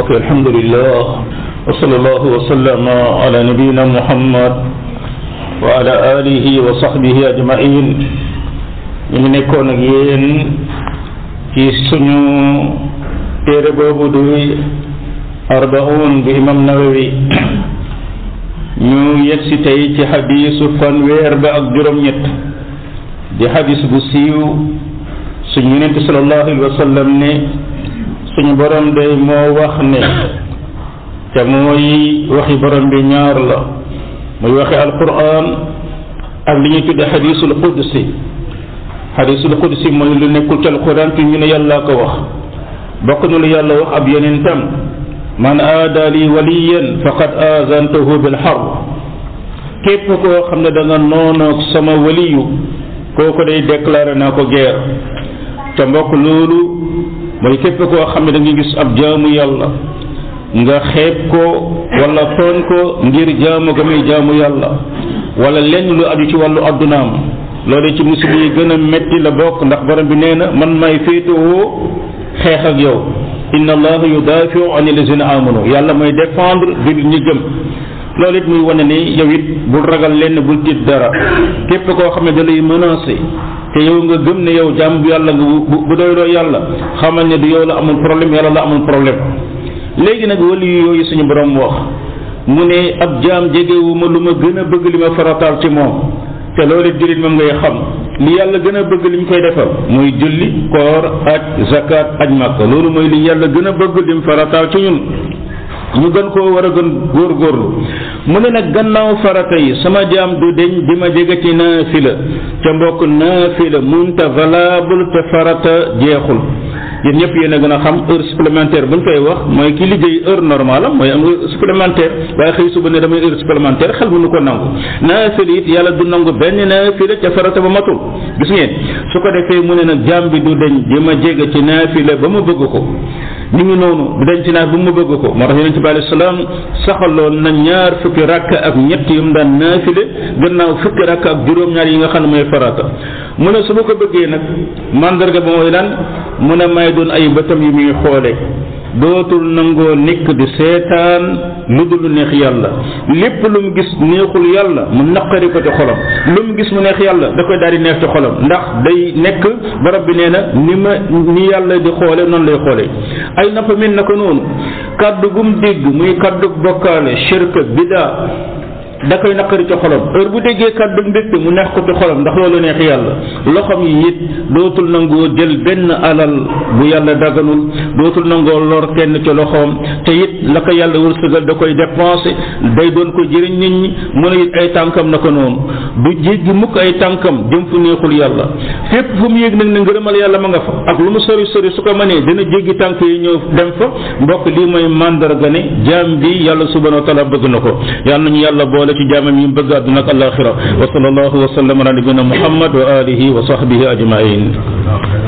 بقي الحمد لله وصلى الله وسلم على نبينا محمد وعلى آله وصحبه أجمعين من يكون جين في سنو تيربو بدوي أربعون بإمام نووي نو يكسي تيتي حديث فان ويربع جرم يت دي حديث بسيو سنو صلى الله عليه وسلم نه suñu borom day moo wax ne te mooy waxi borom bi ñaar la muy waxi alquran ak li ñuy tudde xadisul qudsi xadisul qudsi mooy lu nekkul ci alquran te ñu ne yàllaa ko wax bokk na lu yàlla wax ab yenentam man aada li waliyan faqad azantahu bil harb képp koo xam ne danga nga sama waliyu kooku day déclaré naa ko guerre te mbokk loolu moy képp ko xamne da nga gis ab jaamu yàlla nga xeb ko wala ton ko ngir jaamu ga muy jaamu yàlla wala lenn lu addu ci walu addunaam lolé ci musiba gëna metti la bok ndax borom bi neena man may féetewoo xex ak yow inna allah yudafiu 'anil alladina amanu yàlla moy défendre bi ñi gëm loolu it muy wane ni yow it bul ragal lenn bul tiit dara képp koo xam ne da lay menacé te yow nga gëm ne yow jàmm bu yàlla nga bu bu doyloo yàlla xamal ne du yow la amul problème yàlla la amul problème léegi nag wali yu yooyu suñu borom wax mu ne ab jaam jegewuma lu ma gën a bëgg li ma farataal ci moom te loolu it jullit moom ngay xam li yàlla gën a bëgg li mu koy defal muy julli koor aj zakat aj màkk loolu mooy li yàlla gën a bëgg li mu ci ñun ñu gën koo war a gën góor góorgóorlu mu ne nag gannaaw farata yi sama jaam du deñ di ma jege ci naafila ca mbokk naafila munta valable te farata jeexul yéen ñëpp yéen a gën a xam heure supplémentaire koy wax mooy ki liggéey heure normale am mooy am heure supplémentaire ne damay heure supplémentaire ko nangu naafila yàlla du nangu benn naafila ca farata ba matul su ko defee mu ne nag jaam bi du deñ di ma jege ci naafila ba ma bëgg ko mi ngi noonu denc naa bu mu bëgg ko moo tax yonente bi alei salaam saxaloon na ñaar fukki rakk ak ñett yu mu daan naafile gannaaw fukki rakk ak juróom-ñaar yi nga xam ne mooy farata mu ne su ma ko bëggee nag mandarga ba mooy lan mu ne may doon ay bëtam yu muy xoole dootul nangoo nekk di seetaan lu dul neex yàlla lépp lu mu gis neexul yàlla mu naqari ko ci xolam lu mu gis mu neex yàlla da koy daal di neex ci xolam ndax day nekk barab bi nee na ni ma ni yàlla di xoole noonu lay xoole ay nafa min naka noonu kaddu gum dégg muy kaddu bokkaale shirk bidaa da koy naqari ci xolam heure bu déggee kàddu de mu neex ko ci xolam ndax loolu neex yàlla loxom yi it dootul nangoo jël benn alal bu yàlla daganul dootul nangoo lor kenn ci loxoom te it la ko yàlla wërsëgal da koy dépensé day doon ko jëriñ nit ñi mu ne it ay tànkam na ko noonu du jéggi mukk ay tànkam jëm fu neexul yàlla fépp fu mu yéeg nag ne ngërëmal yàlla ma nga fa ak lu mu sori sori su ko mënee dina jéggi tànk yi ñëw dem fa mbokk lii mooy mandarga ne yàlla subhanahu bëgg na ko ci jamam yi bëgg àdduna ak alaxira wa sallallahu wa sallam ala nabiyyina muhammad wa alihi wa sahbihi ajmain